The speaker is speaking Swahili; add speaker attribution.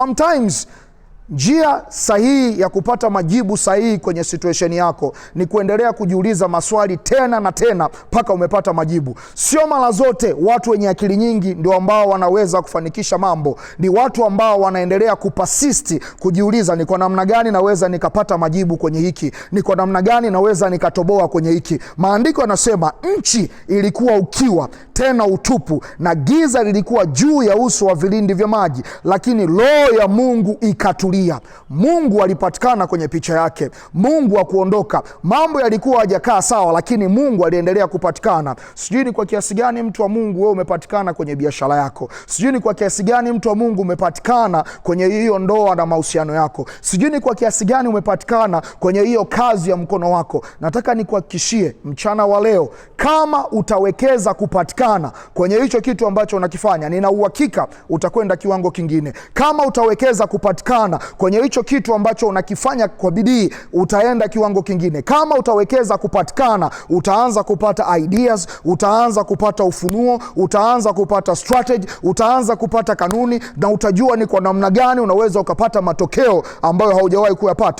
Speaker 1: Sometimes Njia sahihi ya kupata majibu sahihi kwenye situation yako ni kuendelea kujiuliza maswali tena na tena mpaka umepata majibu. Sio mara zote watu wenye akili nyingi ndio ambao wanaweza kufanikisha mambo, ni watu ambao wanaendelea kupasisti kujiuliza, ni kwa namna gani naweza nikapata majibu kwenye hiki, ni kwa namna gani naweza nikatoboa kwenye hiki. Maandiko yanasema nchi ilikuwa ukiwa tena utupu, na giza lilikuwa juu ya uso wa vilindi vya maji, lakini roho ya Mungu ikatulia tabia. Mungu alipatikana kwenye picha yake, Mungu hakuondoka. Mambo yalikuwa hajakaa sawa, lakini Mungu aliendelea kupatikana. Sijui ni kwa kiasi gani mtu wa Mungu wewe umepatikana kwenye biashara yako, sijui ni kwa kiasi gani mtu wa Mungu umepatikana kwenye hiyo ndoa na mahusiano yako, sijui ni kwa kiasi gani umepatikana kwenye hiyo kazi ya mkono wako. Nataka nikuhakikishie mchana wa leo kama utawekeza kupatikana kwenye hicho kitu ambacho unakifanya, nina uhakika utakwenda kiwango kingine. Kama utawekeza kupatikana kwenye hicho kitu ambacho unakifanya kwa bidii, utaenda kiwango kingine. Kama utawekeza kupatikana, utaanza kupata ideas, utaanza kupata ufunuo, utaanza kupata strategy, utaanza kupata kanuni, na utajua ni kwa namna gani unaweza ukapata matokeo ambayo haujawahi kuyapata.